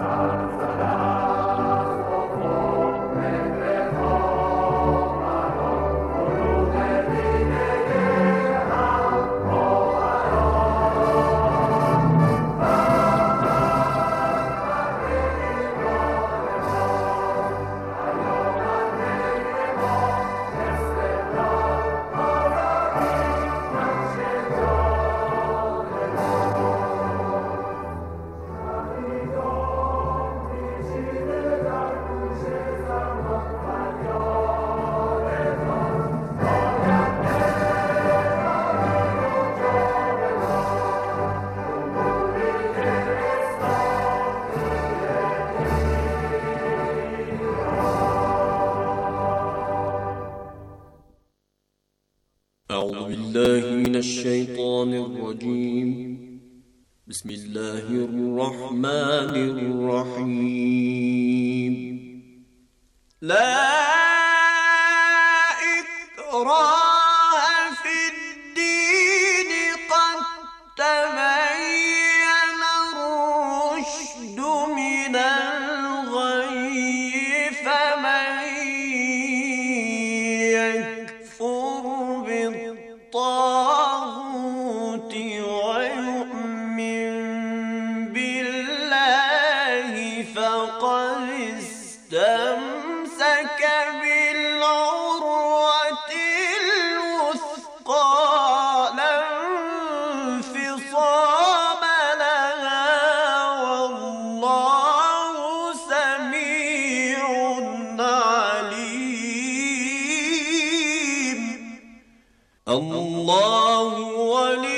Amen. Uh, الله ولي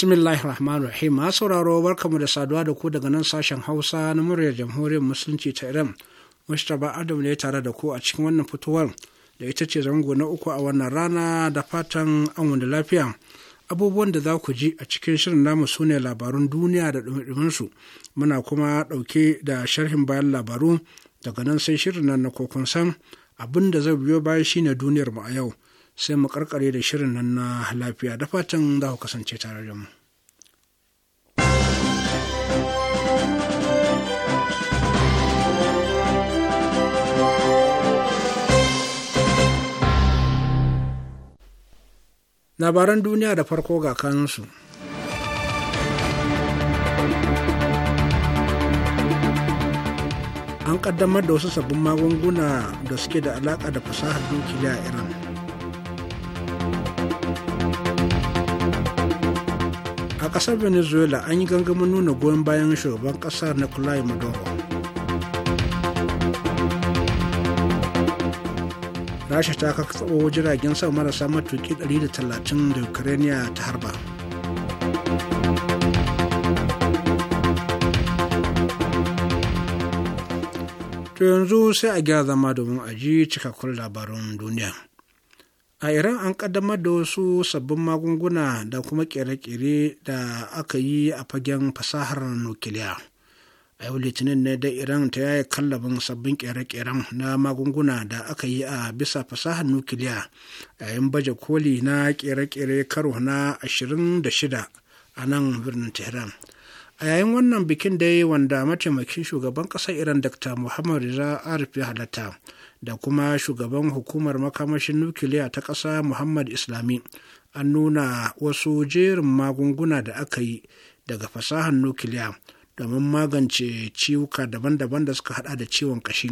bismillahir rahmanir rahim a sauraro barkamu da saduwa da ku daga nan sashen hausa na muryar jamhuriyar musulunci ta iran mustapha adam ne tare da ku a cikin wannan fitowar da ita ce zango na uku a wannan rana da fatan an wanda lafiya abubuwan da za ku ji a cikin shirin namu su ne labarun duniya da su muna kuma ɗauke da sharhin bayan labaru daga nan sai shirin nan na kokon san abin da zai biyo baya shine duniyar mu a yau sai mu karkare da shirin nan na lafiya da fatan za ku kasance tare da mu. Labaran duniya da farko ga kansu. An kaddamar da wasu sabbin magunguna da suke da alaka da fasahar dukiya a Iran. a kasar venezuela an yi gangamin nuna goyon bayan shugaban kasar nicolai maduro rasha ta kakatsawo jiragen sama marasa matuki 130 da ukraine ta harba to yanzu sai a gyara zama domin a ji cikakkun labarun duniya a iran an kaddamar da wasu sabbin magunguna da kuma kere-kere da aka yi a fagen fasahar nukiliya a yau litinin ne da iran ta yaya kallabin sabbin kere-keren na magunguna da aka yi a bisa fasahar nukiliya yayin baje koli na kere-kere karo na 26 a nan birnin tehran a yayin wannan bikin dai wanda mataimakin shugaban ƙasar iran dr muhammad rizal arif ya halatta da kuma shugaban hukumar makamashin nukiliya ta ƙasa muhammad islami an nuna wasu jerin magunguna da aka yi daga fasahar nukiliya domin magance ciwuka daban-daban da suka hada da ciwon kashi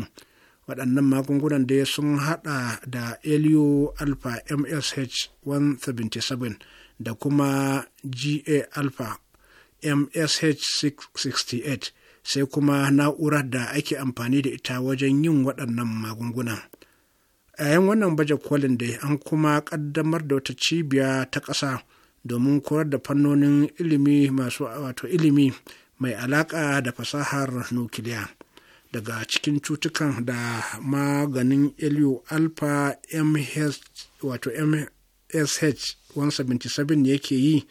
waɗannan magungunan dai sun hada da elio alpha msh 177 da kuma ga alpha msh 668 sai kuma na'urar da ake amfani da ita wajen yin waɗannan magunguna A yayin wannan baje kolin da an kuma ƙaddamar da wata cibiya ta ƙasa domin koyar da fannonin ilimi masu wato ilimi mai alaƙa da fasahar nukiliya. Daga cikin cutukan da maganin Elio Alpha MH, wato MSH 177 yake yi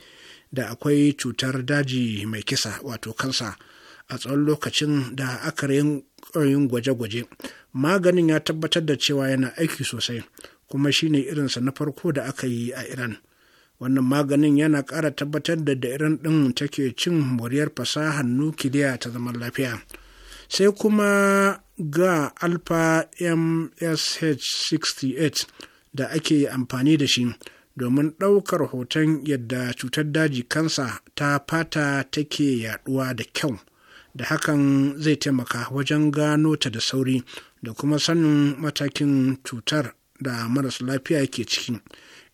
da akwai cutar daji mai kisa wato kansa. a tsawon lokacin da aka yin gwaje-gwaje maganin ya tabbatar da cewa yana aiki sosai kuma shine irinsa na farko da aka yi a iran wannan maganin yana ƙara tabbatar da da iran ɗin take cin moriyar fasahar nukiliya ta zaman lafiya sai kuma ga alpha msh 68 da ake amfani da shi domin ɗaukar hoton yadda cutar daji kansa ta fata take yaɗuwa da kyau da hakan zai taimaka wajen gano ta da sauri da kuma sanin matakin cutar da maras lafiya ke ciki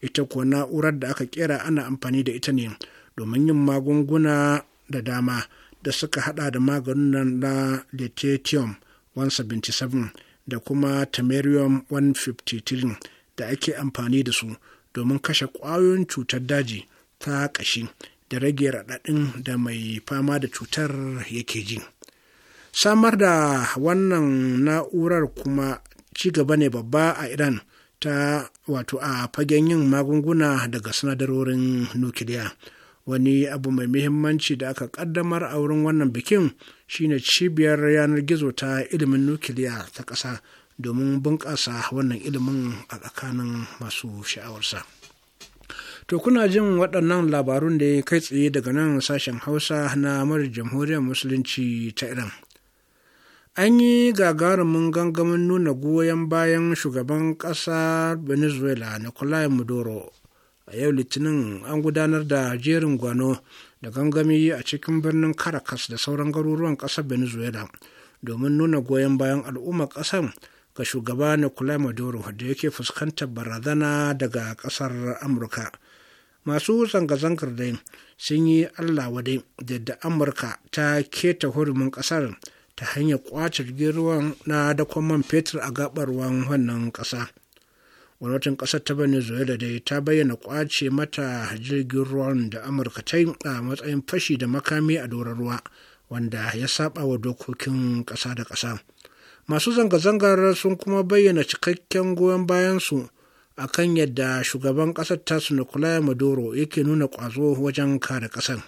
ita kuwa na'urar da aka kera ana amfani da ita ne domin yin magunguna da dama da suka hada da maganin na lithium 177 da kuma tamerium 153 da ake amfani da su domin kashe ƙwayoyin cutar daji ta ƙashi da rage raɗaɗin da mai fama da cutar yake ji samar da wannan na'urar kuma ci gaba ne babba a iran ta wato a fagen yin magunguna daga sinadarorin nukiliya wani abu mai muhimmanci da aka kaddamar a wurin wannan bikin shine cibiyar yanar gizo ta ilimin nukiliya ta ƙasa domin bunƙasa wannan ilimin a tsakanin masu sha'awarsa. To kuna jin waɗannan labarun da ya kai tsaye daga nan sashen Hausa na murar jamhuriyar Musulunci ta Iran. An yi gagarumin gangamin nuna goyon bayan shugaban ƙasar Venezuela Nicolai Maduro. A yau Litinin an gudanar da jerin gwano da gangami a cikin birnin Caracas da sauran garuruwan ƙasar Venezuela domin nuna goyon bayan al'ummar ƙasar ga shugaba Nicolai Maduro da yake fuskantar barazana daga ƙasar Amurka. masu zanga-zangar dai sun yi allah wadai da amurka ta keta hurumin ƙasar ta hanyar ƙwace jirgin na dakon man fetur a gabar wannan kasa gwamnatin ƙasar ta venezuela dai ta bayyana ƙwace mata jirgin ruwan da amurka ta yi a matsayin fashi da makami a doron ruwa wanda ya saba wa dokokin ƙasa da ƙasa. masu zanga-zangar sun kuma bayyana cikakken goyon bayansu a kan yadda shugaban ƙasar tasu nicolai maduro yake nuna ƙwazo wajen kare ƙasar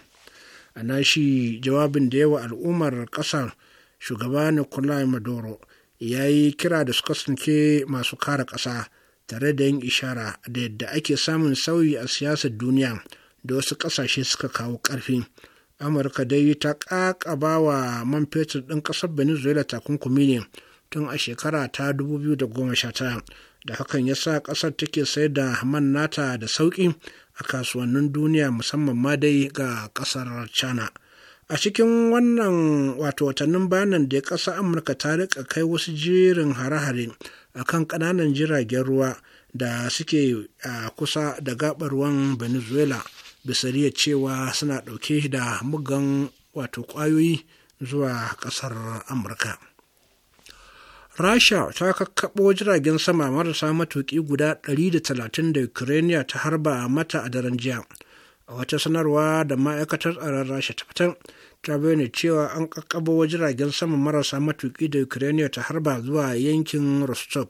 a nashi jawabin da yawa al'ummar ƙasar shugaba nikolai maduro ya yi kira da su kasance masu kare ƙasa tare da yin ishara da yadda ake samun sauyi a siyasar duniya da wasu ƙasashe suka kawo ƙarfi amurka dai ta ƙaƙaba wa man fetur ɗin ƙasar venezuela takunkumi ne tun a shekara ta 2019 da hakan ya sa ƙasar take sayar da man nata da sauƙi a kasuwannin duniya musamman ma dai ga ƙasar china a cikin wannan wato watannin bayanan da ya ƙasar amurka ta rika kai wasu jerin hare-hare a kan ƙananan jiragen ruwa da suke a kusa da gaɓar ruwan venezuela bisa bisariya cewa suna ɗauke da mugan wato ƙwayoyi zuwa ƙasar amurka rasha ta kakkaɓo jiragen sama marasa matuƙi guda 130 da ukraine ta harba mata a daren jiya a wata sanarwa da ma'aikatar tsaron rasha ta fitan, ta bayyana cewa an kakkaɓo jiragen sama marasa matuƙi da ukraine ta harba zuwa yankin rostov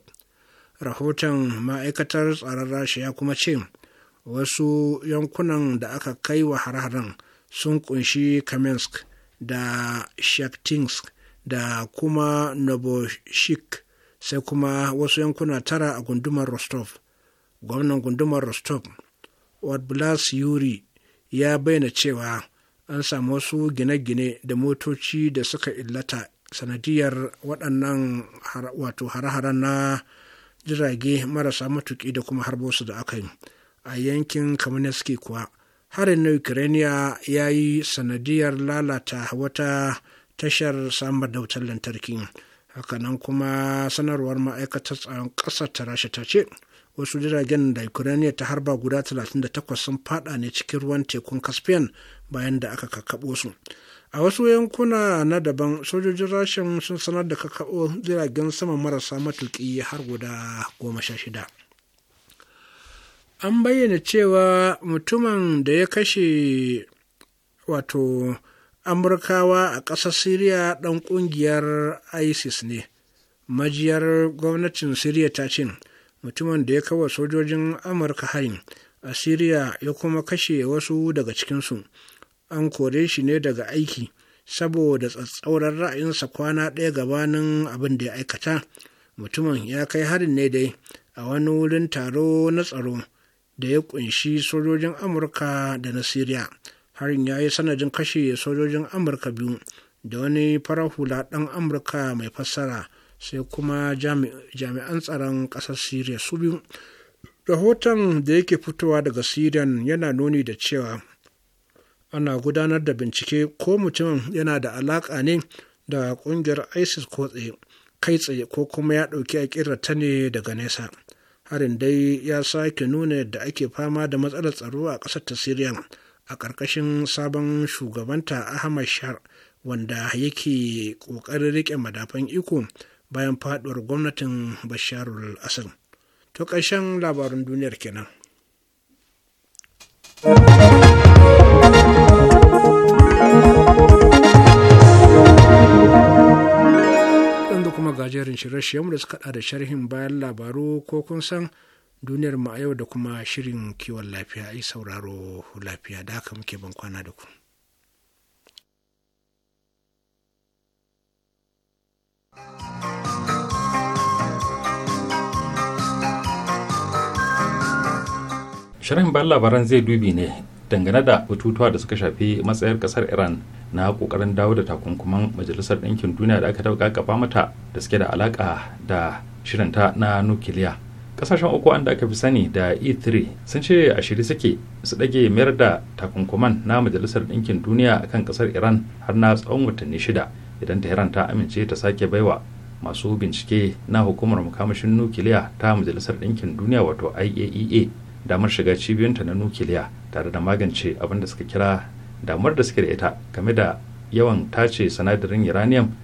rahoton ma'aikatar tsaron rasha ya kuma ce wasu yankunan da aka kai wa har-haren sun kunshi Kamensk da shaktinsk da kuma novoshik sai kuma wasu yankuna tara a gundumar rostov gwamnan gundumar rostov wadblas yuri ya bayyana cewa an samu wasu gine-gine da motoci da suka illata sanadiyar waɗannan wato har na jirage marasa matuƙi da kuma harbosu da aka yi a yankin kamuniski kuwa harin na ukraine ya yi sanadiyar lalata wata tashar samar da wutar lantarki hakanan kuma sanarwar ma'aikatar tsaron ƙasar ta rasha ta ce wasu jiragen da ukraine ta harba guda 38 sun fada ne cikin ruwan tekun caspian bayan da aka kakkaɓo su a wasu yankuna na daban sojojin rashin sun sanar da kakkaɓo jiragen sama marasa matuƙi har guda goma sha shida an bayyana cewa mutumin da ya kashe wato amurkawa a ƙasar siriya ɗan ƙungiyar isis ne majiyar gwamnatin siriya ta ce mutumin da ya kawo sojojin amurka harin a siriya ya kuma kashe wasu daga cikinsu an kore shi ne daga aiki saboda tsatsauran ra'ayinsa kwana ɗaya gabanin abin da ya aikata mutumin ya kai harin ne dai a wani wurin taro na tsaro da ya ƙunshi sojojin amurka da na siriya harin ya yi sanadin kashe sojojin amurka biyu da wani farar hula ɗan amurka mai fassara sai kuma jami'an tsaron ƙasar syria su biyu rahoton da yake fitowa daga syrian yana nuni da cewa ana gudanar da bincike ko mutumin yana da alaƙa ne da ƙungiyar isis ko tsaye kai tsaye ko kuma ya ɗauki a ta ne daga nesa harin dai ya sake nuna da ake fama da matsalar tsaro a ƙasar ta syrian a ƙarƙashin sabon shugabanta ahmad shar wanda yake ƙoƙarin riƙe madafan iko bayan faɗuwar gwamnatin basharul asad to ƙarshen labarin duniyar kenan yanzu kuma gajerin shirye-shiryenmu da suka da sharhin bayan labaru ko kun san duniyar mu a yau da kuma shirin kiwon lafiya ai sauraro lafiya da haka muke ban kwana da ku. Shirin ban labaran zai dubi ne dangane da batutuwa da suka shafi matsayar kasar Iran na kokarin dawo da takunkuman majalisar ɗinkin duniya da aka dauka kafa mata da suke da alaka da shirinta na nukiliya. kasashen uku wanda aka fi sani da e3 sun ce a shiri suke su ɗage mayar da takunkuman na majalisar ɗinkin duniya akan ƙasar iran har na tsawon watanni shida idan ta tehran ta amince ta sake baiwa masu bincike na hukumar makamashin nukiliya ta majalisar ɗinkin duniya wato iaea e damar shiga cibiyunta na nukiliya tare da magance abin da suka kira damar da suke da ita game da yawan tace sinadarin uranium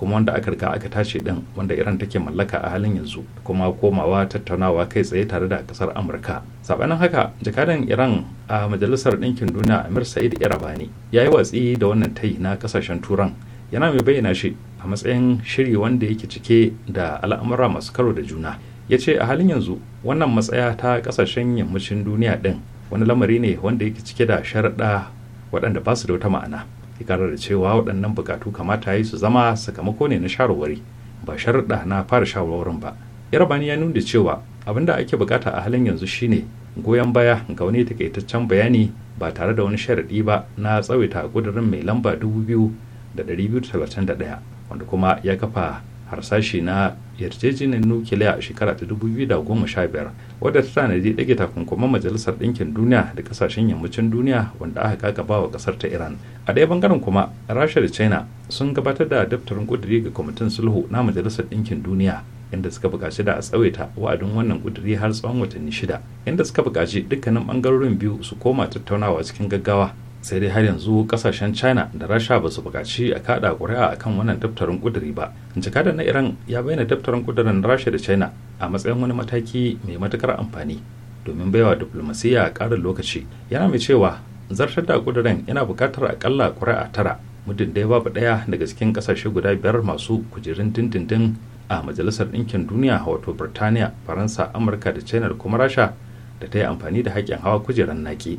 kuma wanda aka riga aka tashi din wanda iran take mallaka a halin yanzu kuma komawa tattaunawa kai tsaye tare da kasar amurka sabanin haka jakadan iran a majalisar ɗinkin duniya amir sa'id irabani ya yi watsi da wannan tayi na kasashen turan yana mai bayyana shi a matsayin shiri wanda yake cike da al'amura masu karo da juna ya ce a halin yanzu wannan matsaya ta kasashen yammacin duniya din wani lamari ne wanda yake cike da sharaɗa waɗanda ba su da wata ma'ana ya kara da cewa waɗannan bukatu kamata yi su zama sakamako ne na shawarwari ba sharuɗa na fara shawarwarin ba yarabani ya nuna cewa abin da ake bukata a halin yanzu shine goyon baya ga wani takaitaccen bayani ba tare da wani sharaɗi ba na tsawaita ƙudurin mai lamba 2231 wanda kuma ya kafa harsashi na yarjejeniyar nukiliya a shekara ta 2015 wadda ta tanadi dage takunkuman majalisar ɗinkin duniya da ƙasashen yammacin duniya wanda aka ba wa ƙasar ta iran a ɗaya bangaren kuma rasha da china sun gabatar da daftarin ƙuduri ga kwamitin sulhu na majalisar ɗinkin duniya inda suka buƙaci da a tsawaita wa'adin wannan ƙuduri har tsawon watanni shida inda suka buƙaci dukkanin ɓangarorin biyu su koma tattaunawa cikin gaggawa sai dai har yanzu kasashen china da rasha ba su bukaci a kada kuri'a akan wannan daftarin ƙuduri ba jakadar na iran ya bayyana daftarin kudurin rasha da china a matsayin wani mataki mai matukar amfani domin baiwa diplomasiya karin lokaci yana mai cewa zartar da kudurin yana bukatar akalla kuri'a tara muddin dai babu ɗaya daga cikin ƙasashe guda biyar masu kujerun dindindin a majalisar ɗinkin duniya wato birtaniya faransa amurka da china da kuma rasha da ta yi amfani da haƙƙin hawa kujerar naki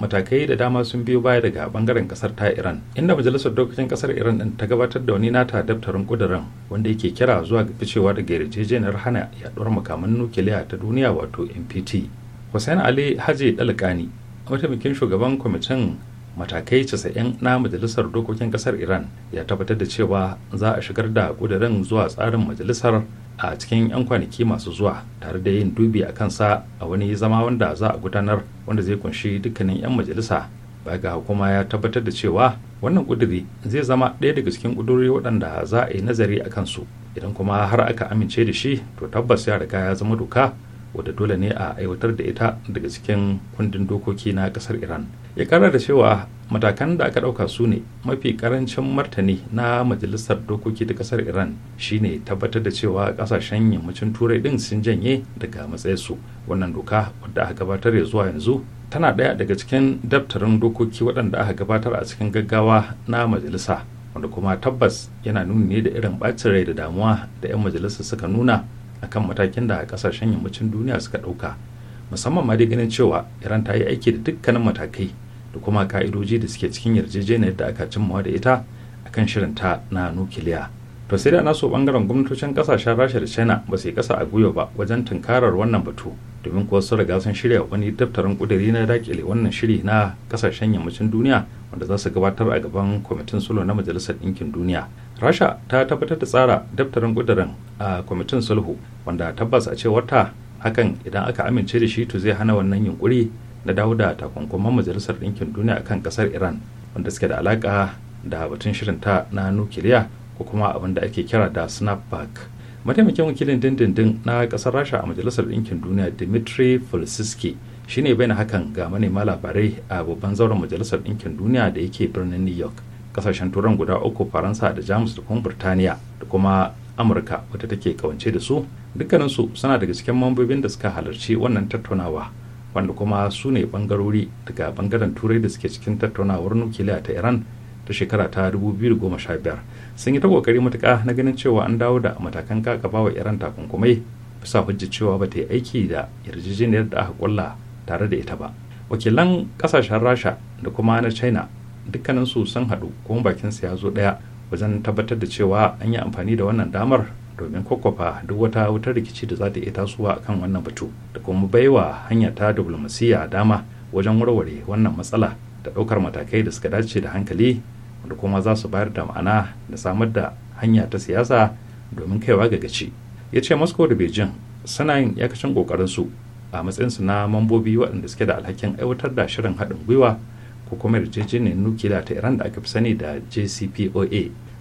matakai da dama sun biyo baya daga bangaren kasar ta iran inda majalisar dokokin kasar iran din ta gabatar da wani nata daftarin kudirin wanda yake kira zuwa ga ficewa daga yarjejeniyar hana yaduwar makaman nukiliya ta duniya wato npt hussein ali haji dalakani mataimakin shugaban kwamitin matakai 90 na majalisar dokokin kasar iran ya tabbatar da cewa za a shigar da kudirin zuwa tsarin majalisar a cikin 'yan kwanaki masu zuwa tare da yin dubi a kansa a wani zama wanda za a gudanar wanda zai kunshi dukkanin 'yan majalisa baya ga hukuma ya tabbatar da cewa wannan kuduri zai zama ɗaya daga cikin kuduri waɗanda za a yi nazari a kansu idan kuma har aka amince da shi to tabbas ya riga ya zama doka wadda dole ne a aiwatar da ita daga cikin kundin dokoki na kasar iran ya kara da cewa matakan da aka ɗauka su ne mafi karancin martani na majalisar dokoki ta kasar iran shine tabbatar da cewa kasashen yammacin turai din sun janye daga matsayinsu wannan doka wadda aka gabatar ya zuwa yanzu tana ɗaya daga cikin daftarin dokoki waɗanda aka gabatar a cikin gaggawa na majalisa wanda kuma tabbas yana nuni ne da irin bacin rai da damuwa da 'yan majalisa suka nuna akan matakin da kasashen yammacin duniya suka ɗauka musamman ma dai ganin cewa iran ta yi aiki da dukkanin matakai da kuma ka'idoji da suke cikin yarjejeniyar da aka cimmawa da ita akan shirin ta na nukiliya to sai da naso bangaren gwamnatocin kasashen rasha da china ba su yi kasa a gwiwa ba wajen tunkarar wannan batu domin kuwa sun riga sun shirya wani daftarin kudiri na dakile wannan shiri na kasashen yammacin duniya wanda za su gabatar a gaban kwamitin sulo na majalisar ɗinkin duniya rasha ta tabbatar da tsara daftarin kudirin a kwamitin sulhu wanda tabbas a cewar ta hakan idan aka amince da shi to zai hana wannan yunkuri na dawo da takunkuman majalisar ɗinkin duniya akan ƙasar iran wanda suke da alaƙa da batun shirin ta na nukiliya ko kuma abin da ake kira da snapback mataimakin wakilin dindindin na ƙasar rasha a majalisar ɗinkin duniya dimitri fulsiski shine na hakan ga manema labarai a babban zauren majalisar ɗinkin duniya da yake birnin new york kasashen turan guda uku faransa da jamus da kuma burtaniya da kuma amurka wata take kawance da su dukkaninsu suna daga cikin mambobin da suka halarci wannan tattaunawa wanda kuma su ne bangarori daga bangaren turai da suke cikin tattaunawar nukiliya ta iran ta shekara ta 2015 sun yi ta kokari matuka na ganin cewa an dawo da matakan kakaba wa iran takunkumai bisa hujja cewa ba ta yi aiki da yarjejeniyar da aka kulla tare da ita ba wakilan kasashen rasha da kuma na china su sun haɗu kuma bakin ya zo ɗaya wajen tabbatar da cewa an yi amfani da wannan damar domin kwakwafa duk wata wutar rikici da za ta iya tasowa akan wannan batu da kuma baiwa hanya ta diplomasiya dama wajen warware wannan matsala da ɗaukar matakai da suka dace da hankali da kuma za su bayar da ma'ana da samar da hanya ta siyasa domin kaiwa ga gaci ya ce moscow da beijing suna yin yakacin kokarinsu a matsayinsu na mambobi waɗanda suke da alhakin aiwatar da shirin haɗin gwiwa ko kuma yarjejeniyar nukiliya ta iran da aka fi sani da jcpoa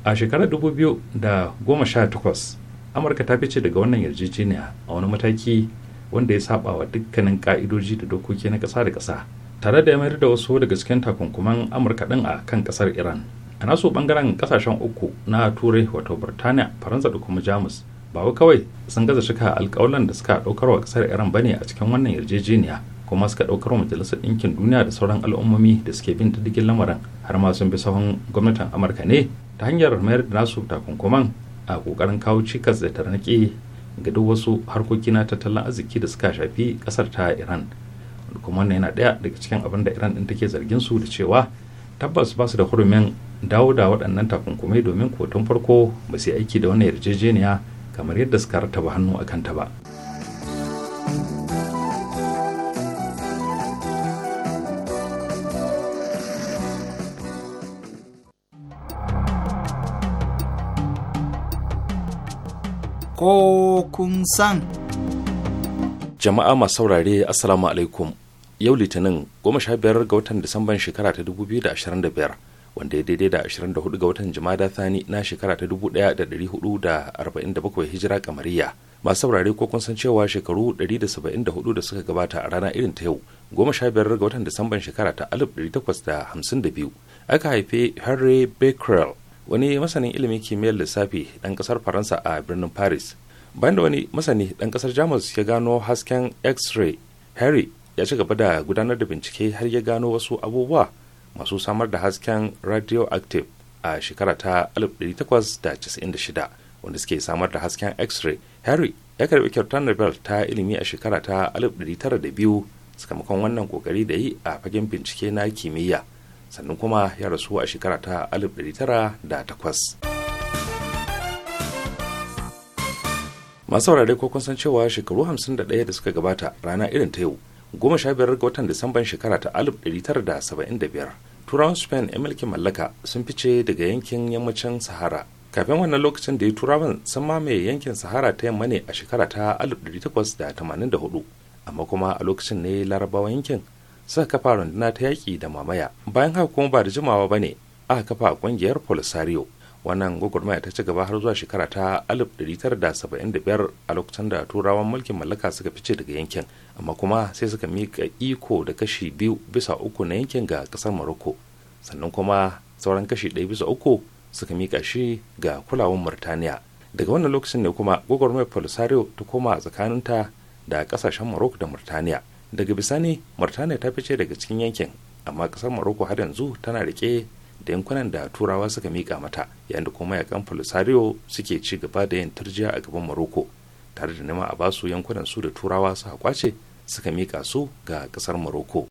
a shekarar dubu biyu da goma sha takwas amurka ta fice daga wannan yarjejeniya a wani mataki wanda ya saba wa dukkanin ka'idoji da dokoki na kasa da kasa. tare da mayar da wasu daga cikin takunkuman amurka din a kan kasar iran a naso ɓangaren ƙasashen uku na turai wato birtaniya faransa da kuma jamus ba kawai sun gaza shika alkawalan da suka ɗaukar wa ƙasar iran bane a cikin wannan yarjejeniya kuma suka ɗaukar majalisar ɗinkin duniya da sauran al'ummomi da suke bin diddigin lamarin har ma sun bi sahun gwamnatin amurka ne ta hanyar mayar da nasu takunkuman a ƙoƙarin kawo cikas da tarnaƙi ga duk wasu harkoki na tattalin arziki da suka shafi ƙasar ta iran kuma wannan yana ɗaya daga cikin abin da iran ɗin take zargin su da cewa tabbas ba su da hurumin dawo da waɗannan takunkumai domin kotun farko ba su aiki da wannan yarjejeniya kamar yadda suka rataba hannu a kanta ba. ko kun san. Jama'a masu saurare Assalamu alaikum yau litinin goma sha biyar ga watan Disamban shekara ta dubu biyu da ashirin da biyar wanda ya daidai da ashirin da hudu ga watan Jumada Thani na shekara ta dubu ɗaya da ɗari hudu da arba'in da bakwai hijira kamariya. Masu saurare ko kun san cewa shekaru ɗari da saba'in da hudu da suka gabata a rana irin ta yau goma sha biyar ga watan Disamban shekara ta alif ɗari takwas da hamsin da biyu aka haife Harry Becquerel wani masanin ilimin kimiyyar lissafi ɗan ƙasar faransa a birnin paris bayan da wani masani ɗan ƙasar jamus ya gano hasken x-ray harry ya ci gaba da gudanar da bincike har ya gano wasu abubuwa masu samar da hasken radioactive a shekara ta 1896 wanda suke samar da hasken x-ray harry ya karbi kyautar nobel ta ilimi a shekara ta 1902 sakamakon wannan kokari da yi a fagen bincike na kimiyya sannan kuma ya rasu a shekara ta 1908 masu wurare ko kun san cewa shekaru 51 da suka gabata rana irin ta yau goma sha biyar ga watan disamban shekara ta 1975 turawan spain ya mulkin mallaka sun fice daga yankin yammacin sahara kafin wannan lokacin da ya turawan sun mamaye yankin sahara ta yamma ne a shekara ta 1884 amma kuma a lokacin ne larabawa yankin suka kafa runduna ta yaƙi da mamaya bayan haka kuma ba da jimawa ba ne aka kafa ƙungiyar polisario wannan gwagwarmaya ta ci gaba har zuwa shekara ta 1975 a lokacin da turawan mulkin mallaka suka fice daga yankin amma kuma sai suka mika iko da kashi biyu bisa uku na yankin ga kasar morocco sannan kuma sauran kashi ɗaya bisa uku suka mika shi ga kulawan murtaniya daga wannan lokacin ne kuma gwagwarmaya polisario ta koma tsakaninta da kasashen morocco da murtaniya daga bisani murtaniya ta fice daga cikin yankin amma kasar maroko har yanzu tana rike da yankunan da turawa suka mika mata yayin da kuma yakan polisario suke ci gaba da yin turjiya a gaban maroko tare da nema a basu yankunan su da turawa suka kwace suka mika su ga kasar maroko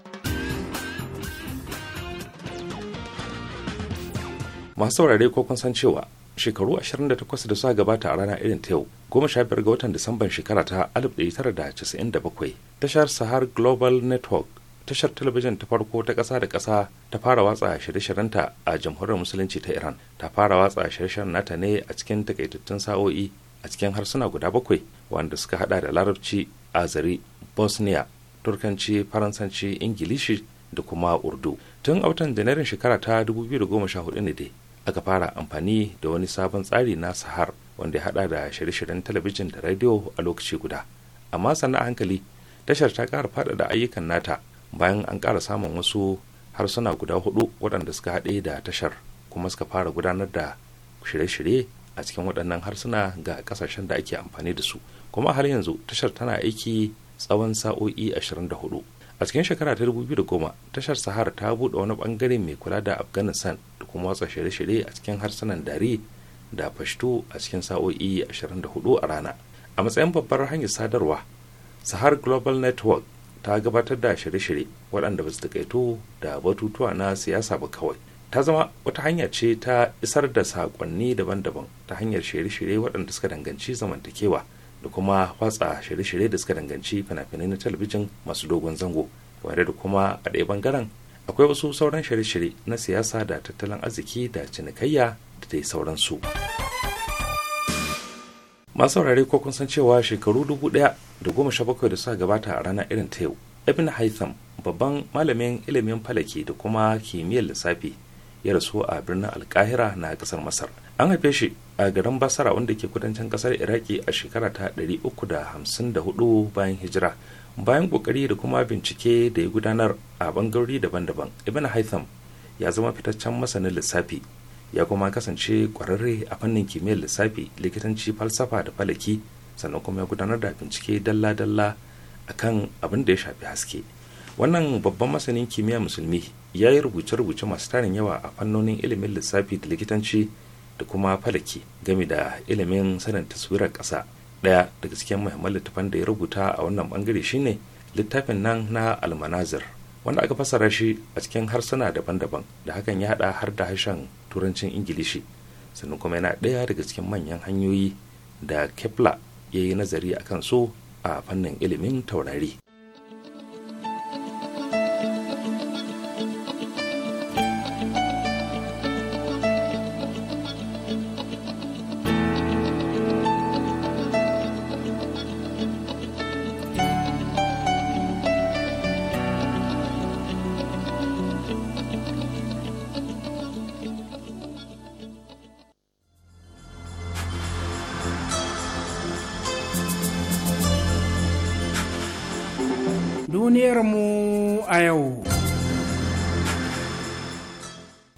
masu saurare ko kun san cewa shekaru 28 da suka gabata a rana irin ta yau goma sha biyar ga watan disamban shekara ta 1997 tashar sahar global network tashar talabijin ta farko ta kasa da kasa ta fara watsa shirye-shiryenta a jamhuriyar musulunci ta iran ta fara watsa shirye-shiryen nata ne a cikin takaitattun sa'o'i a cikin harsuna guda bakwai wanda suka hada da larabci azari bosnia turkanci faransanci ingilishi da kuma urdu tun a watan janairun shekara ta 2014 ne dai aka fara amfani da wani sabon tsari na sahar wanda ya hada da shirye-shiryen talabijin da rediyo a lokaci guda amma sannan hankali tashar ta ƙara faɗaɗa ayyukan nata bayan an ƙara samun wasu harsuna guda hudu waɗanda suka haɗe da tashar kuma suka fara gudanar da shirye-shirye a cikin waɗannan harsuna ga ƙasashen da ake amfani da su kuma har yanzu tashar tana aiki tsawon sa'o'i 24 a cikin shekara ta 2010 tashar sahara ta buɗe wani bangare mai kula da afghanistan da kuma watsa shirye-shirye a cikin harsunan dari da fashto a cikin sa'o'i 24 a rana a matsayin babbar hanyar sadarwa sahar global network ta gabatar da shirye-shirye waɗanda ba su takaito da batutuwa na siyasa ba kawai ta zama wata hanya ce ta isar da saƙonni daban-daban ta hanyar shirye-shirye waɗanda suka danganci zamantakewa da kuma watsa shirye-shirye da suka danganci fina-finai na talabijin masu dogon zango tare da kuma a ɗaya bangaren akwai wasu sauran shirye-shirye na siyasa da tattalin arziki da cinikayya da dai sauransu masu saurare ko kun san cewa shekaru dubu ɗaya da goma sha bakwai da suka gabata a ranar irin ta yau ibn haitham babban malamin ilimin falaki da kuma kimiyyar lissafi ya rasu a birnin alkahira na ƙasar masar an haife shi a garin basara wanda ke kudancin kasar iraki a shekara ta 354 bayan hijira bayan kokari da kuma bincike da ya gudanar a bangarori daban-daban ibn haitham ya zama fitaccen masanin lissafi ya kuma kasance kwararre a fannin kimiyyar lissafi likitanci falsafa da falaki sannan kuma ya gudanar da bincike dalla-dalla akan abin da ya shafi haske wannan babban masanin kimiyya musulmi ya yi rubuce-rubuce masu tarin yawa a fannonin ilimin lissafi da likitanci da kuma falaki game da ilimin sanin taswirar ƙasa ɗaya daga cikin muhimman littafan da ya rubuta a wannan bangare shine littafin nan na almanazir wanda aka fassara shi a cikin harsuna daban-daban da hakan ya haɗa har da harshen turancin ingilishi sannan kuma yana ɗaya daga cikin manyan hanyoyi da kepler ya yi nazari a kan so a fannin ilimin taurari a yau.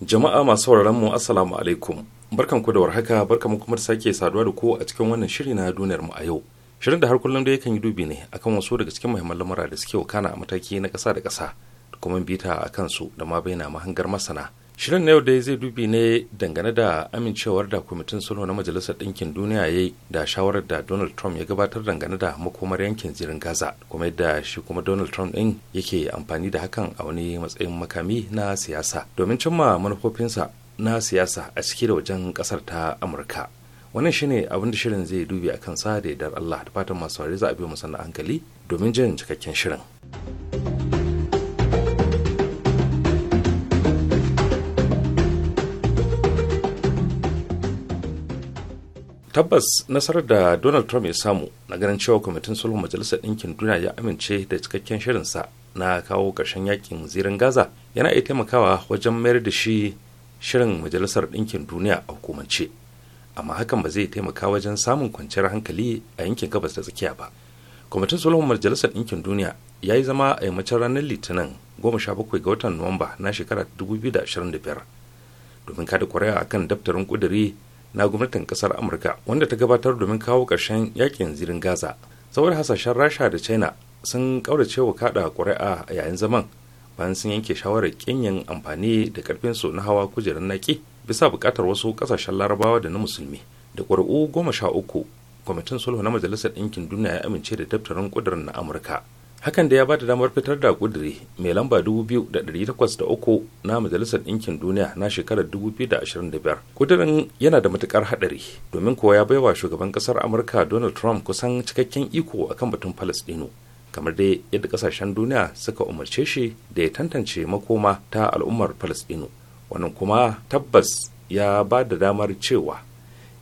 Jama'a masu sauraron mu Assalamu alaikum. Barkanku da warhaka, barkanku kuma da sake saduwa da ku a cikin wannan shiri na duniyar mu a yau. Shirin da har kullum da yakan yi dubi ne akan wasu daga cikin muhimman lamura da suke wakana a mataki na ƙasa da ƙasa da kuma bita a kansu da ma bayyana mahangar masana. Shirin na yau dai zai dubi ne dangane da amincewar da kwamitin sulhu na Majalisar Ɗinkin Duniya ya da shawarar da Donald Trump ya gabatar dangane da makomar yankin zirin Gaza, kuma yadda shi kuma Donald Trump ɗin yake amfani da hakan a wani matsayin makami na siyasa domin cimma manufofinsa na siyasa a ciki da wajen ƙasar ta Amurka. Wannan shine abin da shirin zai dubi a kansa da yardar Allah da fatan masu za a biyo musanna hankali domin jin cikakken shirin. tabbas nasarar da donald trump ya samu na ganin cewa kwamitin sulhu majalisar ɗinkin duniya ya amince da cikakken shirinsa na kawo ƙarshen yakin zirin gaza yana iya taimakawa wajen mayar da shi shirin majalisar ɗinkin duniya a hukumance amma hakan ba zai taimaka wajen samun kwanciyar hankali a yankin gabas da tsakiya ba kwamitin sulhu majalisar ɗinkin duniya ya yi zama a yammacin ranar litinin goma sha bakwai ga watan nuwamba na shekara da biyar domin kada kwarewa akan daftarin ƙuduri na gwamnatin kasar amurka wanda ta gabatar domin kawo ƙarshen yakin zirin gaza saboda hasashen rasha da china sun kaurace wa kada ƙuri'a a yayin zaman bayan sun yanke shawarar kinyin amfani da karfin su na hawa kujerar naki bisa buƙatar wasu ƙasashen larabawa da na musulmi da ƙuri'u goma sha uku kwamitin sulhu na majalisar ɗinkin duniya ya amince da daftarin ƙudurin na amurka hakan da ya ba da damar fitar da kuduri mai lamba 2,803 na majalisar ɗinkin duniya na shekarar 2025 kudirin yana da matukar haɗari domin kuwa ya baiwa shugaban ƙasar amurka donald trump kusan cikakken iko akan batun palestino kamar dai yadda ƙasashen duniya suka umarce shi da ya tantance makoma ta al'ummar palestino wannan kuma tabbas ya ba da damar cewa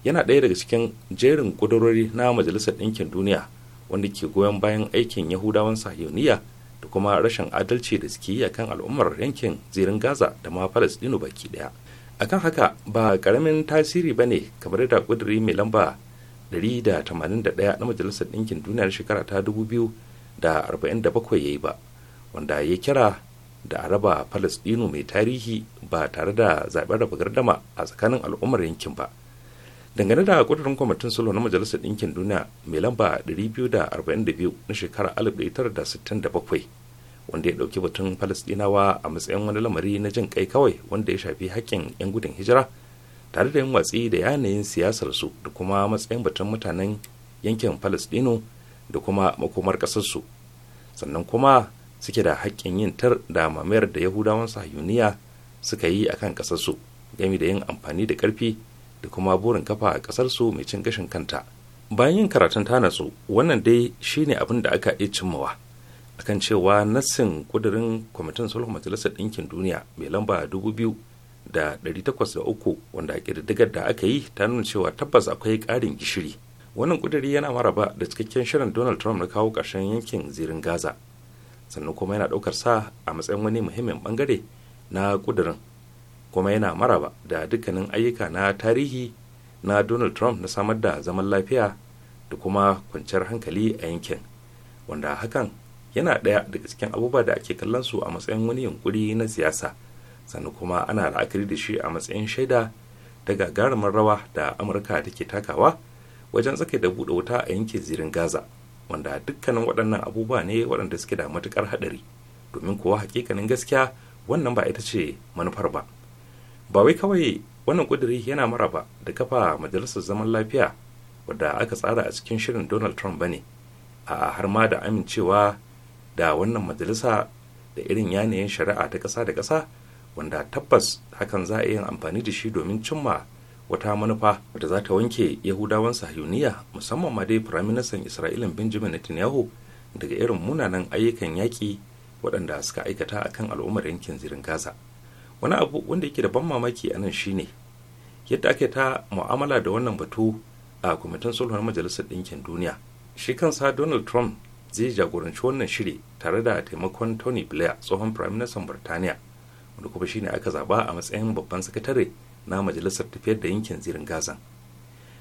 yana ɗaya daga cikin jerin ƙudurori na majalisar ɗinkin duniya wanda ke goyon bayan aikin yahudawan sahiyoniya da kuma rashin adalci da suke yi akan al'ummar yankin zirin gaza da ma palestino baki daya akan haka ba karamin tasiri ba ne kamar da kuduri mai lamba 181 na majalisar ɗinkin duniyar shekara ta 2047 ya yi ba wanda ya kira da a raba palestino mai tarihi ba tare da zaɓen raba gardama a tsakanin al'ummar yankin ba dangane da kudurin kwamitin sulhu na majalisar ɗinkin duniya mai lamba 242 na shekarar 1967 wanda ya ɗauki batun falasɗinawa a matsayin wani lamari na jin kai kawai wanda ya shafi haƙƙin 'yan gudun hijira tare da yin watsi da yanayin siyasarsu da kuma matsayin batun mutanen yankin falasɗino da kuma makomar ƙasarsu sannan kuma suke da haƙƙin yin tar da mamayar da yahudawan sahiyuniya suka yi akan ƙasarsu game da yin amfani da ƙarfi da kuma burin kafa a kasar su mai cin gashin kanta bayan yin karatun ta su wannan dai shine abin da aka iya cimmawa akan cewa nassin kudirin kwamitin sulhu majalisar ɗinkin duniya mai lamba 2,803 wanda a ƙididdigar da aka yi ta nuna cewa tabbas akwai ƙarin gishiri wannan kudiri yana maraba da cikakken shirin donald trump na kawo ƙarshen yankin zirin gaza sannan kuma yana ɗaukar sa a matsayin wani muhimmin bangare na kudirin kuma yana maraba da dukkanin ayyuka na tarihi na donald trump na samar da zaman lafiya da kuma kwanciyar hankali a yankin wanda hakan yana ɗaya daga cikin abubuwa da ake kallon su a matsayin wani yunkuri na siyasa sannan kuma ana la'akari da shi a matsayin shaida da gagarumin rawa da amurka take takawa wajen tsaka da buɗe wuta a yankin zirin gaza wanda dukkanin waɗannan abubuwa ne waɗanda suke da matuƙar haɗari domin kuwa hakikanin gaskiya wannan ba ita ce manufar ba ba wai kawai wannan kuduri yana maraba da kafa majalisar zaman lafiya wadda aka tsara a cikin shirin donald trump ba ne a har ma da amincewa da wannan majalisa da irin yanayin shari'a ta ƙasa da ƙasa wanda tabbas hakan za a yi amfani da shi domin cimma wata manufa da za ta wanke yahudawan sahiyuniya musamman ma dai firaministan isra'ila benjamin netanyahu daga irin munanan ayyukan yaƙi waɗanda suka aikata akan al'ummar yankin zirin gaza wani abu wanda yake da ban mamaki a nan shine yadda ake ta mu'amala da wannan batu a kwamitin sulhun majalisar ɗinkin duniya shi kansa donald trump zai jagoranci wannan shiri tare da taimakon tony blair tsohon prime minister birtaniya wanda kuma shine aka zaba a matsayin babban sakatare na majalisar tafiyar da yankin zirin gazan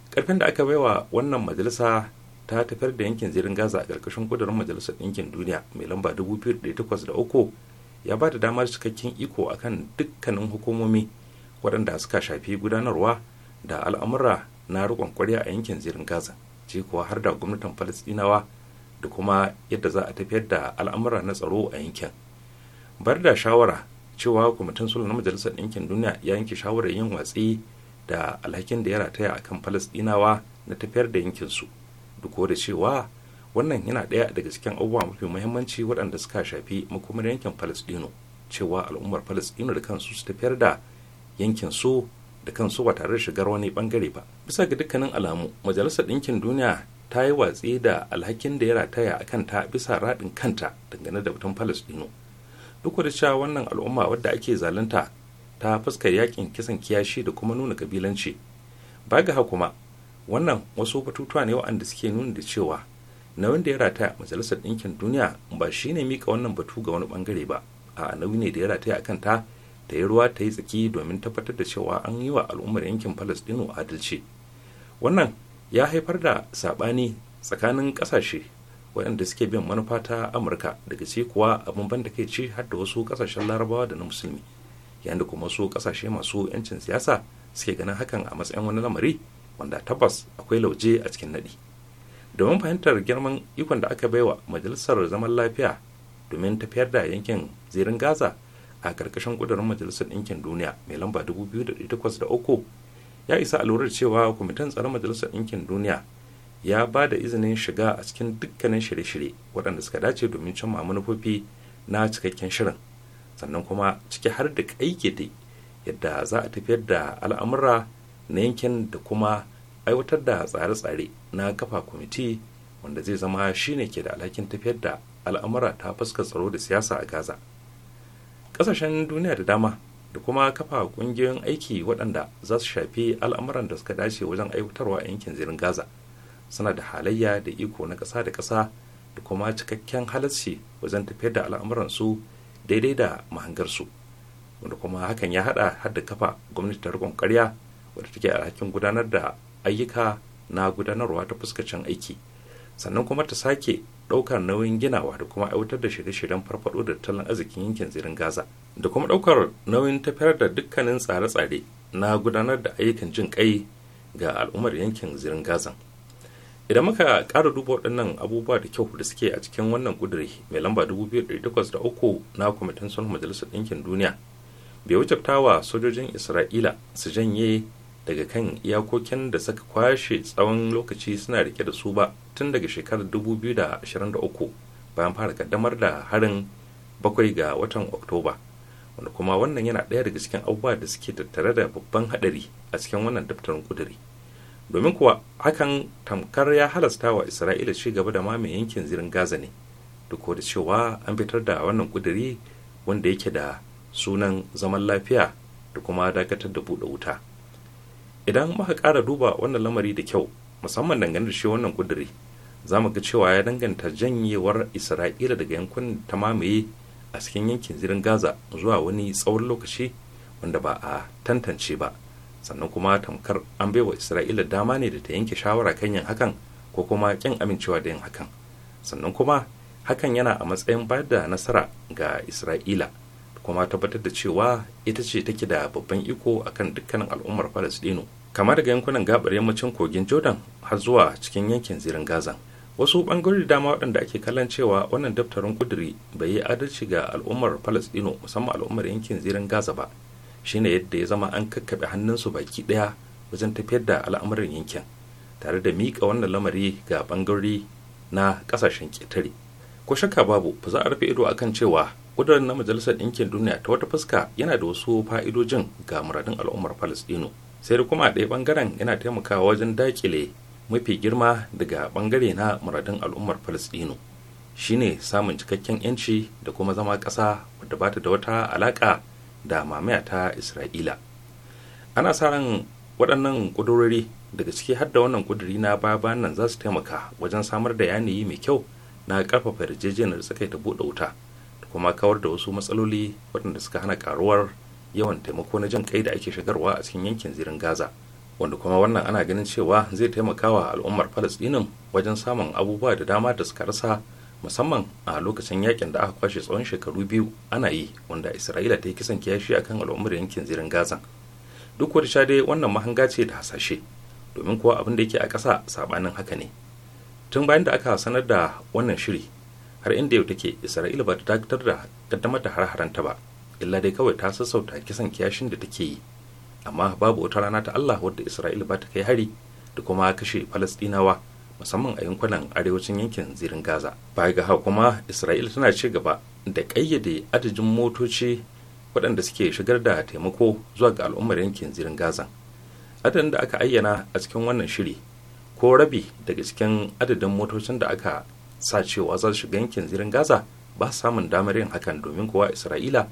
karfin da aka baiwa wannan majalisa ta tafiyar da yankin zirin gaza a karkashin ƙudurin majalisar ɗinkin duniya mai lamba 2803 ya ba da damar cikakken iko akan dukkanin hukumomi waɗanda suka shafi gudanarwa da al'amura na riƙon ƙwarya a yankin zirin gaza ce kuwa har da gwamnatin falastinawa da kuma yadda za a tafiyar da al'amura na tsaro a yankin bar da shawara cewa kwamitin sulhu na majalisar ɗinkin duniya ya yanke shawarar yin watsi da alhakin da ya rataya akan falasɗinawa na tafiyar da yankinsu duk da cewa wannan yana ɗaya daga cikin abubuwa mafi muhimmanci waɗanda suka shafi makomar yankin palestino cewa al'ummar palestino da kansu su tafiyar da yankin su da kansu ba tare da shigar wani bangare ba bisa ga dukkanin alamu majalisar ɗinkin duniya ta yi watsi da alhakin da ya rataya a kanta bisa raɗin kanta dangane da batun palestino duk da cewa wannan al'umma wadda ake zalunta ta fuskar yakin kisan kiyashi da kuma nuna kabilanci ba ga kuma wannan wasu batutuwa ne waɗanda suke nuna da cewa na wanda ya rataya majalisar ɗinkin duniya ba shi ne mika wannan batu ga wani bangare ba a nauyi ne da ya rataya a kanta ta yi ruwa ta yi tsaki domin tabbatar da cewa an yi wa al'ummar yankin palestino adalci wannan ya haifar da saɓani tsakanin ƙasashe waɗanda suke bin manufa ta amurka daga ce kuwa abin ban da kai ce har da wasu ƙasashen larabawa da na musulmi yayin da kuma wasu ƙasashe masu 'yancin siyasa suke ganin hakan a matsayin wani lamari wanda tabbas akwai lauje a cikin naɗi. domin fahimtar girman ikon da aka baiwa majalisar zaman lafiya domin tafiyar da yankin zirin gaza a karkashin kudurin majalisar ɗinkin duniya mai lamba 2008 ya isa alurar cewa kwamitin tsaron majalisar ɗinkin duniya ya ba da izinin shiga a cikin dukkanin shirye-shirye waɗanda suka dace domin cimma manufofi na cikakken shirin sannan kuma ciki har da ƙaike yadda za a tafiyar da al'amura na yankin da kuma aiwatar da tsare-tsare na kafa kwamiti wanda zai zama shine ke da alhakin tafiyar da al'amura ta fuskar tsaro da siyasa a gaza ƙasashen duniya da dama da kuma kafa ƙungiyoyin aiki waɗanda za su shafi al'amuran da suka dace wajen aiwatarwa a yankin zirin gaza suna da halayya da iko na ƙasa da ƙasa da kuma cikakken halarci wajen tafiyar da al'amuran su daidai da mahangarsu wanda kuma hakan ya haɗa har da kafa gwamnati ta riƙon ƙarya wadda take alhakin gudanar da ayyuka na gudanarwa ta fuskacin aiki sannan kuma ta sake ɗaukar nauyin ginawa da kuma aiwatar da shirye-shiryen farfaɗo da tattalin arzikin yankin zirin gaza da kuma ɗaukar nauyin tafiyar da dukkanin tsare-tsare na gudanar da ayyukan jin ƙai ga al'ummar yankin zirin Gaza. idan muka ƙara duba waɗannan abubuwa da kyau da suke a cikin wannan ƙuduri mai lamba 2008 na kwamitin sulhu majalisar ɗinkin duniya bai wajabta wa sojojin isra'ila su janye daga kan iyakokin da suka kwashe tsawon lokaci suna rike da su ba tun daga shekarar 2023 bayan fara kaddamar da harin bakwai ga watan oktoba wanda kuma wannan yana ɗaya daga cikin abubuwa da suke tattare da babban haɗari a cikin wannan daftarin kuduri domin kuwa hakan tamkar ya halasta wa isra'ila ci gaba da mamaye yankin zirin gaza ne duk da cewa an fitar da wannan kuduri wanda yake da sunan zaman lafiya da kuma dakatar da buɗe wuta idan muka ƙara duba wannan lamari da kyau musamman dangane da shi wannan kuduri za mu ga cewa ya danganta janyewar isra'ila daga yankunan ta mamaye a cikin yankin zirin gaza zuwa wani tsawon lokaci wanda ba a tantance ba sannan kuma tamkar an baiwa isra'ila dama ne da ta yanke shawara kan yin hakan ko kuma kin amincewa da yin hakan sannan kuma hakan yana a matsayin bayar da nasara ga isra'ila kuma tabbatar da cewa ita ce take da babban iko akan dukkanin al'ummar falastinu kama daga yankunan gabar yammacin kogin jordan har zuwa cikin yankin zirin gaza wasu bangarori dama waɗanda ake kallon cewa wannan daftarin kuduri bai yi adalci ga al'ummar palestino musamman al'ummar yankin zirin gaza ba shine yadda ya zama an kakkaɓe hannunsu baki ɗaya wajen tafiyar da al'amuran yankin tare da miƙa wannan lamari ga bangarori na ƙasashen ƙetare ko shakka babu ba za a rufe ido akan cewa kudurin na majalisar yankin duniya ta wata fuska yana da wasu fa'idojin ga muradin al'ummar palestino sai da kuma a ɗaya bangaren yana taimakawa wajen dakile mafi girma daga bangare na muradun al'ummar falastinu shine samun cikakken yanci da kuma zama ƙasa wadda ba ta da wata alaƙa da mamaya ta isra'ila ana sa ran waɗannan ƙudurori daga ciki har da wannan ƙuduri na baya nan za su taimaka wajen samar da yanayi mai kyau na ƙarfafa yarjejeniyar da ta buɗe wuta da kuma kawar da wasu matsaloli waɗanda suka hana ƙaruwar yawan taimako na jin kai da ake shigarwa a cikin yankin zirin gaza wanda kuma wannan ana ganin cewa zai taimaka wa al'ummar falastinin wajen samun abubuwa da dama da suka rasa musamman a lokacin yakin da aka kwashe tsawon shekaru biyu ana yi wanda isra'ila ta yi kisan kiyashi akan al'ummar yankin zirin gaza duk wata sha dai wannan mahanga ce da hasashe domin kuwa abin da yake a ƙasa sabanin haka ne tun bayan da aka sanar da wannan shiri har inda yau take isra'ila ba ta dakatar da kaddamar da har-haranta ba illa dai kawai ta sassauta kisan kiyashin da take yi amma babu wata rana ta Allah wadda Isra'ila ba ta kai hari da kuma kashe Falastinawa musamman a yankunan arewacin yankin zirin Gaza. Baya ga haka kuma Isra'ila tana ci gaba da kayyade adadin motoci waɗanda suke shigar da taimako zuwa ga al'ummar yankin zirin Gaza. Adadin da aka ayyana a cikin wannan shiri ko rabi daga cikin adadin motocin da aka sa cewa za su shiga yankin zirin Gaza ba samun damar yin hakan domin kowa Isra'ila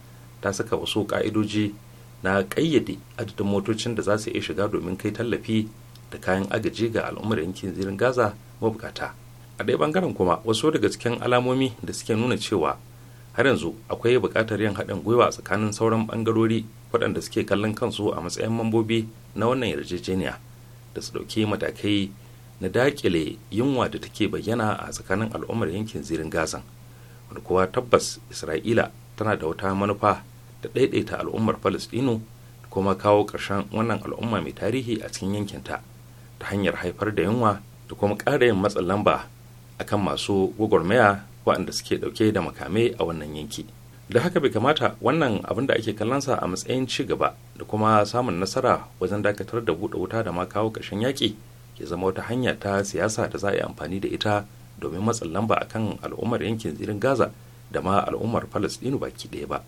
ta saka wasu ka'idoji na ƙayyade adadin motocin da za su iya shiga domin kai tallafi da kayan agaji ga al'ummar yankin zirin gaza mabukata a ɗaya bangaren kuma wasu daga cikin alamomi da suke nuna cewa har yanzu akwai buƙatar yin haɗin gwiwa tsakanin sauran ɓangarori waɗanda suke kallon kansu a matsayin mambobi na wannan yarjejeniya da su ɗauki matakai na daƙile yunwa da take bayyana a tsakanin al'ummar yankin zirin gazan wani kuwa tabbas isra'ila tana da wata manufa da daidaita al'ummar falastinu da kuma kawo ƙarshen wannan al'umma mai tarihi a cikin yankinta ta hanyar haifar da yunwa da kuma ƙara yin matsin lamba a kan masu gwagwarmaya waɗanda suke ɗauke da makamai a wannan yanki da haka bai kamata wannan abin da ake kallonsa a matsayin ci gaba da kuma samun nasara wajen dakatar da buɗe wuta da ma kawo ƙarshen yaƙi ke zama wata hanya ta siyasa da za a yi amfani da ita domin matsin lamba akan al'ummar yankin tsirin gaza da ma al'ummar falastinu baki ɗaya ba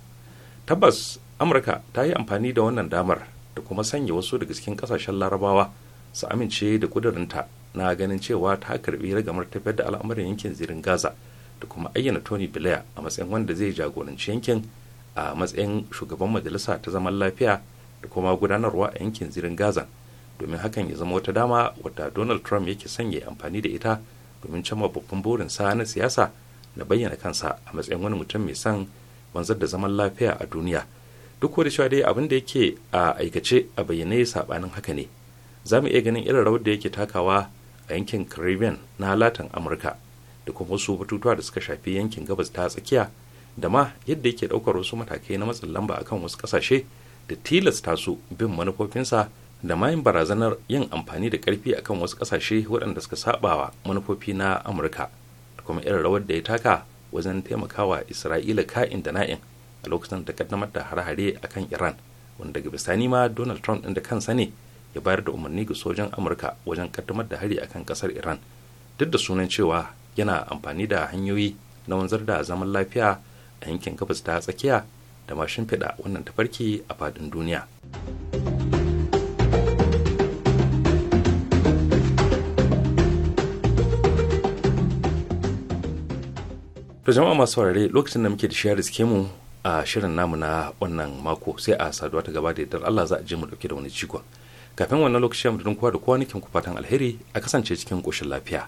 tabbas amurka ta yi amfani da wannan damar da kuma sanya wasu daga cikin kasashen larabawa su amince da kudurinta na ganin cewa ta karbi ragamar tafiyar da al'amuran yankin zirin gaza da kuma ayyana tony blair a matsayin wanda zai jagoranci yankin a matsayin shugaban majalisa ta zaman lafiya da kuma gudanarwa a yankin zirin gaza domin hakan ya zama wata dama wadda donald trump yake sanya amfani da ita domin cimma babban burinsa na siyasa na bayyana kansa a matsayin wani mutum mai san. wanzar da zaman lafiya a duniya duk da cewa dai abin da yake a aikace a bayyane sabanin haka ne za mu iya ganin irin rawar da yake takawa a yankin caribbean na latin amurka da kuma wasu batutuwa da suka shafi yankin gabas ta tsakiya da ma yadda yake ɗaukar wasu matakai na matsin lamba akan wasu ƙasashe da tilasta su bin manufofinsa da mayin barazanar yin amfani da ƙarfi akan wasu ƙasashe waɗanda suka sabawa manufofi na amurka da kuma irin rawar da ya taka wajen taimakawa isra'ila ka'in da na'in a lokacin da kaddamar da hare-hare a kan iran wanda daga bisani ma donald trump ɗin da kansa ne ya bayar da umarni ga sojan amurka wajen kaddamar da hari akan kasar iran duk da sunan cewa yana amfani da hanyoyi na wanzar da zaman lafiya a yankin gabas ta tsakiya da mashin fiɗa wannan tafarki a faɗin duniya. to jama'a masu saurare lokacin da muke da shi riske mu a shirin namu na wannan mako sai a saduwa ta gaba da yadda Allah za a je mu dauke da wani cikon kafin wannan lokacin mu da kowa da kowa nake ku fatan alheri a kasance cikin koshin lafiya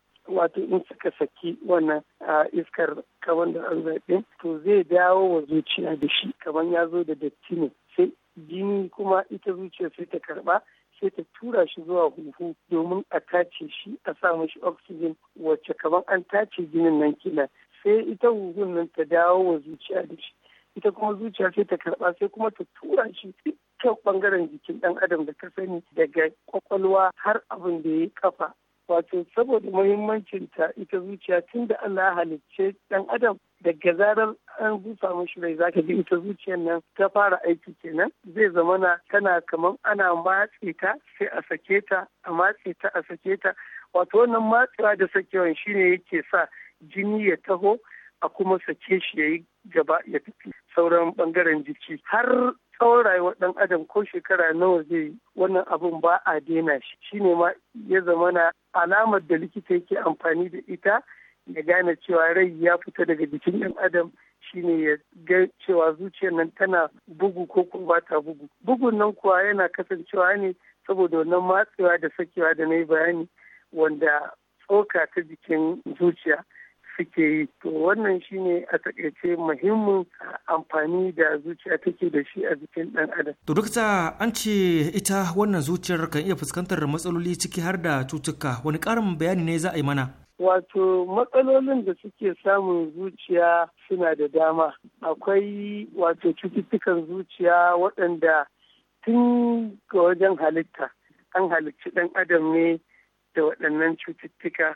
wato in suka saki wannan a iskar kaban da an zaɓe. to zai dawo wa zuciya da shi kaman ya zo da datti ne sai jini kuma ita zuciya sai ta karɓa sai ta tura shi zuwa huhu domin a tace shi a sa mashi oxygen wacce kaman an tace jinin nan kila sai ita huhun nan ta dawo wa zuciya da shi ita kuma zuciya sai ta karba sai kuma ta tura shi dukkan bangaren jikin ɗan adam da ka sani daga kwakwalwa har abin da ya kafa wato saboda ta ita zuciya tun da Allah ya halicce dan adam daga zarar an busa mashi rai zaka ji ita zuciyar nan ta fara aiki kenan zai zamana tana kamar ana matse ta sai a sake ta a matse ta a sake ta wato wannan matsewa da sakewan shine yake sa jini ya taho a kuma sake shi yayi gaba ya tafi sauran bangaren jiki har tsawon rayuwar dan adam ko shekara nawa zai wannan abun ba a daina shi shine ma ya zamana. alamar da likita yake amfani da ita ya gane cewa rai ya fita daga jikin 'yan adam shine ya ga cewa zuciyar nan tana bugu ko kuma ba ta bugu bugun nan kuwa yana kasancewa ne saboda wannan matsewa da sakewa da na yi bayani wanda tsoka ta jikin zuciya suke yi to wannan shine a takaice muhimmin amfani da zuciya take da shi a jikin ɗan adam to dokta an ce ita wannan zuciyar kan iya fuskantar matsaloli ciki har da cutuka wani karin bayani ne za a yi mana wato matsalolin da suke samun zuciya suna da dama akwai wato cututtukan zuciya waɗanda tun ga wajen halitta an halicci ɗan adam ne da waɗannan cututtuka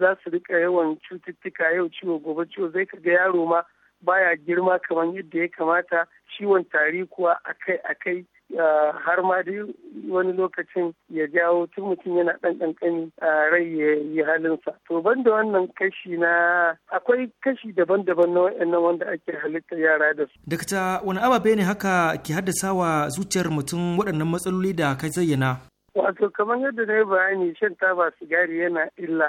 za su rika yawan cututtuka yau ciwo gobe ciwo zai ka ga yaro ma baya girma kamar yadda ya kamata ciwon tari kuwa akai akai har ma dai wani lokacin ya jawo tun mutum yana ɗan kankan rai ya yi halinsa. To ban wannan kashi na akwai kashi daban-daban na wa'annan wanda ake halitta yara da su. Dakta wani ababe ne haka ki haddasa wa zuciyar mutum waɗannan matsaloli da ka zayyana? Wato kamar yadda na yi bayani shan taba sigari yana illa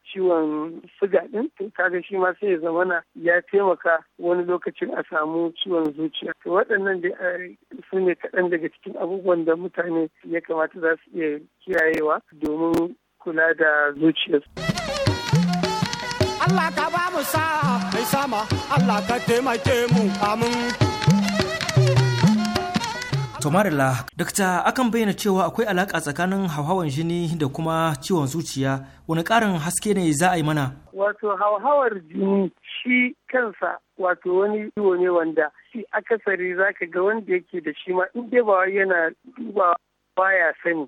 ciwon suga din to kaga shi ma sai ya zamana ya taimaka wani lokacin a samu ciwon zuciya to waɗannan da su ne kaɗan daga cikin abubuwan da mutane ya kamata za su iya kiyayewa domin kula da zuciyarsu. Allah ka ba mu sa mai sama Allah ka taimake mu amin marilla, dakta akan bayyana cewa akwai alaƙa tsakanin hauhawan jini da kuma ciwon zuciya, wani ƙarin haske ne za a yi mana? Wato hauhawar jini shi kansa wato wani ciwo ne wanda shi akasari zaka ga wanda yake da shi ma in dai ba yana dubawa baya sani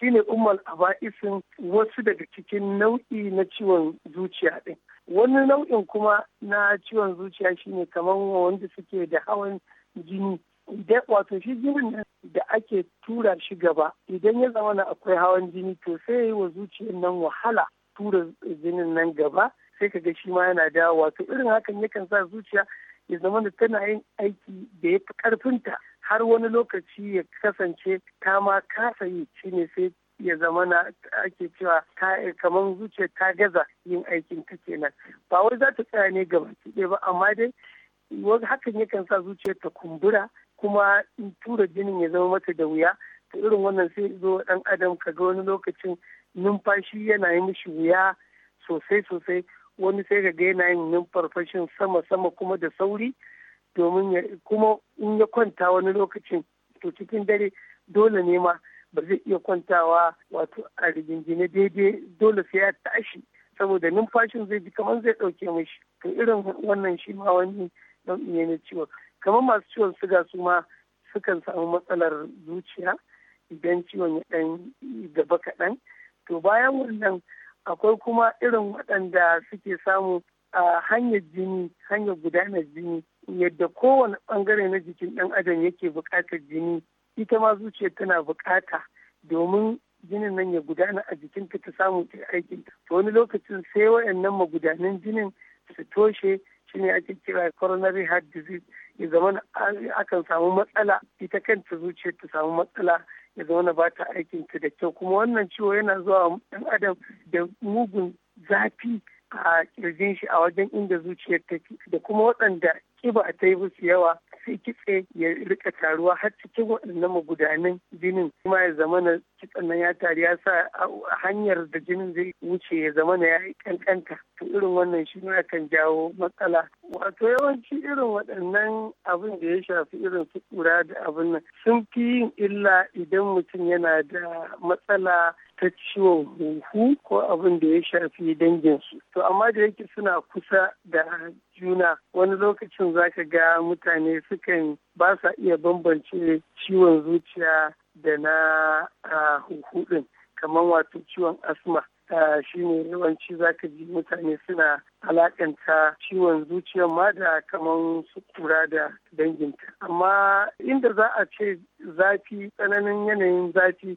shine a aba'isin wasu daga cikin nau'i na ciwon zuciya ɗin wani nau'in kuma na ciwon zuciya shine kamar wanda suke da hawan jini idan wato shi jinin da ake tura shi gaba idan ya zama na akwai hawan jini to sai yi wa zuciyar nan wahala tura jinin nan gaba sai ka ga shi ma yana dawo wato irin hakan yakan sa zuciya ya zama da tana yin aiki da ya fi karfinta har wani lokaci ya kasance ta ma kasa yi shine sai ya zama na ake cewa kamar zuciya ta gaza yin aikin ta kenan ba wai za ta tsaya ne gaba ɗaya ba amma dai wani hakan yakan sa zuciya ta kumbura kuma in tura jinin ya zama mata da wuya ta irin wannan sai zo dan adam ka ga wani lokacin numfashi yana yi mishi wuya sosai sosai wani sai ga yana yin numfarfashin sama sama kuma da sauri domin ya kuma in ya kwanta wani lokacin to cikin dare dole ne ma ba zai iya kwantawa wato a rigingine daidai dole sai ya tashi saboda numfashin zai ji kamar zai dauke mishi to irin wannan shi ma wani nau'i ne na ciwon kamar masu ciwon suga su ma sukan samu matsalar zuciya idan ciwon ya dan gaba kaɗan to bayan wannan akwai kuma irin waɗanda suke samu a hanyar jini hanyar gudanar jini yadda kowane bangare na jikin ɗan adam yake buƙatar jini ita ma zuciyar tana buƙata domin jinin nan ya gudana a jikinta ta samu ta aikin to wani lokacin sai waɗannan magudanan jinin su toshe shine ake kira coronary heart disease ya zama akan samu matsala ita kanta zuciyar ta samu matsala ya zama ba ta aikin ta da kyau kuma wannan ciwo yana zuwa ɗan adam da mugun zafi a kirjin shi a wajen inda zuciyar take da kuma waɗanda kiba ta yi musu yawa sai kitse ya rika taruwa har cikin waɗannan magudanan jinin kuma ya zamana kitsan nan ya tari. ya sa hanyar da jinin zai wuce ya zamana ya yi kankanta to irin wannan shi ne kan jawo matsala wato yawanci irin waɗannan abin da ya shafi irin su kura da abin nan sun fi yin illa idan mutum yana da matsala ta ciwon huhu ko abin da ya shafi danginsu. To amma da yake suna kusa da juna wani lokacin zaka ga mutane sukan ba sa iya bambance ciwon zuciya da na huhu din kamar wato ciwon asma. shi ne yawanci zaka ji mutane suna alakanta ciwon zuciya ma da kamar su kura da danginta amma inda za a ce zafi tsananin yanayin zafi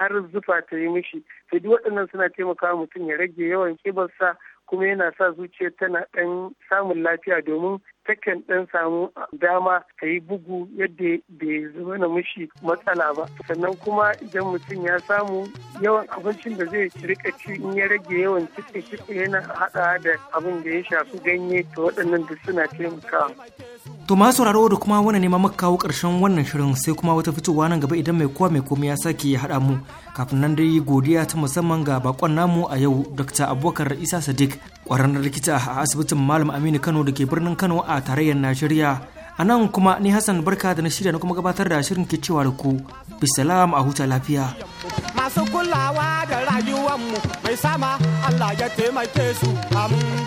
har zufa ta yi mishi sai duk waɗannan suna taimakawa mutum ya rage yawan kibarsa kuma yana sa zuciya tana ɗan samun lafiya domin takan ɗan samu dama ka yi bugu yadda bai zama na mushi matsala ba sannan kuma idan mutum ya samu yawan abincin da zai rika ci in ya rage yawan kitse kitse yana haɗa da abin da ya shafi ganye to waɗannan duk suna taimakawa. To ma sauraro da kuma wani nema maka kawo ƙarshen wannan shirin sai kuma wata fitowa nan gaba idan mai kowa mai komai ya sake ya haɗa mu kafin nan dai godiya ta musamman ga bakon namu a yau Dr. Abubakar Isa Sadiq Kwararren likita a asibitin malam aminu kano da ke birnin kano a tarayyar najeriya a nan kuma ni hassan barka da na shirya na kuma gabatar da shirin ke cewa da ku bisalam a huta lafiya masu kulawa da rayuwanmu mai sama allah ya taimake su amin